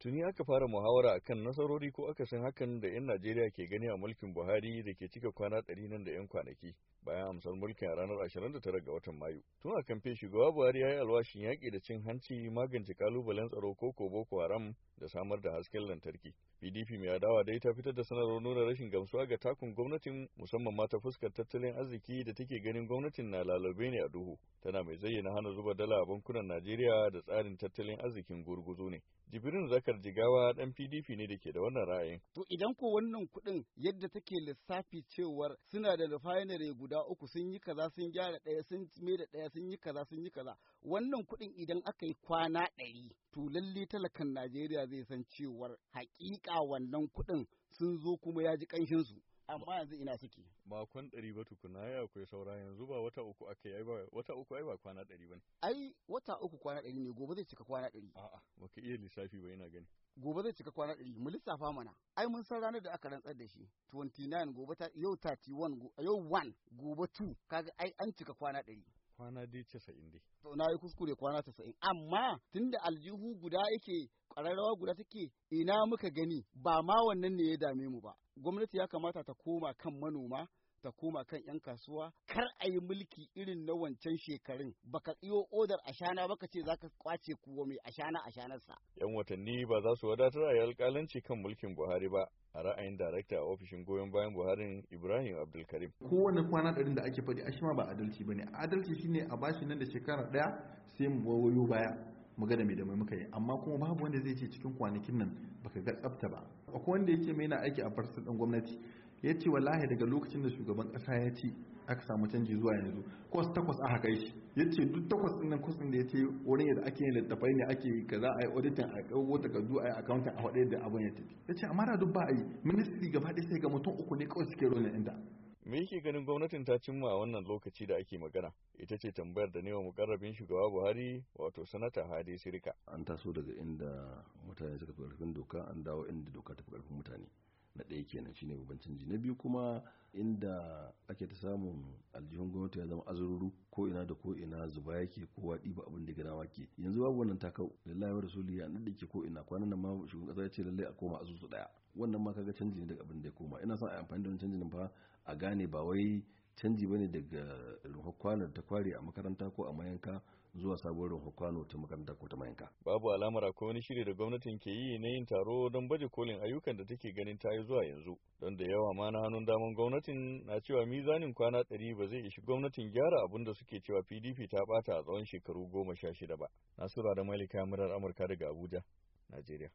Tuni aka fara muhawara kan nasarori ko aka san hakan da 'yan Najeriya ke gani a mulkin Buhari da ke cika kwana ɗari nan da 'yan kwanaki bayan amsar mulkin a ranar 29 ga watan Mayu. Tun a kamfe shugaba Buhari ya yi alwashin yaƙi da cin hanci magance kalubalen tsaro ko Boko Haram da samar da hasken lantarki. PDP mai adawa dai ta fitar da sanarwar nuna rashin gamsuwa ga takun gwamnatin musamman ma ta fuskar tattalin arziki da take ganin gwamnatin na lalabe ne a duhu. Tana mai zayyana hana zuba dala a bankunan Najeriya da tsarin tattalin arzikin gurguzu ne. Jibrin zaka Abubakar Jigawa ɗan PDP ne da ke da wannan ra'ayin. To idan ko wannan kuɗin yadda take lissafi cewar suna da refinery guda uku sun yi kaza sun gyara ɗaya sun me da ɗaya sun yi kaza sun yi kaza wannan kuɗin idan aka yi kwana ɗari to lalle talakan Najeriya zai san cewar haƙiƙa wannan kuɗin sun zo kuma ya ji ƙanshinsu. amma yanzu ina suke makon ɗari ba tukuna ya akwai saura yanzu ba wata uku aka yi ba wata uku ai ba kwana ɗari ba ne ai wata uku kwana ɗari ne gobe zai cika kwana ɗari a'a baka iya lissafi ba ina gani gobe zai cika kwana ɗari mu lissafa mana ai mun san ranar da aka rantsar da shi 29 gobe ta yau 31 yau 1 gobe 2 kaga ai an cika kwana ɗari kwana dai casa'in dai. To na yi kuskure kwana casa'in amma tunda aljihu guda yake ƙararrawa guda take ina muka gani ba ma wannan ne ya dame mu ba gwamnati ya kamata ta koma kan manoma ta koma kan 'yan kasuwa kar a yi mulki irin na wancan shekarun baka iyo odar ashana ka ce zaka kwace kuwa mai ashana ashanarsa yan watanni ba za su wadatar a yi alƙalanci kan mulkin buhari ba a ra'ayin darakta a ofishin goyon bayan Buhari ibrahim abdulkarim kowane kwana ɗarin da ake faɗi ashima ba adalci ba ne adalci shine a bashi nan da shekara ɗaya sai mu wayo baya mu ga da me mai muka yi amma kuma babu wanda zai ce cikin kwanakin nan baka ga tsafta ba akwai wanda ce mai na aiki a farsa ɗan gwamnati ya ce wallahi daga lokacin da shugaban kasa ya ce aka samu canji zuwa yanzu kwas takwas aka kai shi ya ce duk takwas ɗin nan kwasin da ya ce wurin yadda ake yin littafai ne ake kaza a yi auditin a ɗauko takardu a yi accounting a waɗanda da abin ya tafi ya ce amma da duk ba a yi ministry gaba ɗaya sai ga mutum uku ne kawai suke rolin inda Me yake ganin gwamnatin ta cimma a wannan lokaci da ake magana? Ita ce tambayar da newa mukarrabin shugaba Buhari wato sanata Hadi Sirika. An taso daga inda mutane suka fi ƙarfin doka an dawo inda doka ta fi ƙarfin mutane. na ɗaya kenan shine babban canji na biyu kuma inda ake ta samun aljihun gwamnati ya zama azururu ko ina da ko ina zuba yake waɗi ba abin da gida ke yanzu babu wannan takau lallai wa rasuli ya nadi ke ko ina kwanan nan ma shugaban kasa ya ce lallai a koma azuzu ɗaya wannan ma kaga canji ne daga abin da ya koma ina son a yi amfani da canji canjin fa a gane ba wai canji bane daga ruhar kwanar ta kware a makaranta ko a mayanka zuwa sabuwar ruhar kwano ta makaranta ko ta mayanka. Babu alamar akwai wani shiri da gwamnatin ke yi na yin taro don baje kolin ayyukan da take ganin ta yi zuwa yanzu. Don da yawa ma na hannun daman gwamnatin na cewa mizanin kwana ɗari ba zai ishi gwamnatin gyara abun da suke cewa PDP ta bata a tsawon shekaru goma sha shida ba. Nasura da Malika Murar Amurka daga Abuja, Najeriya.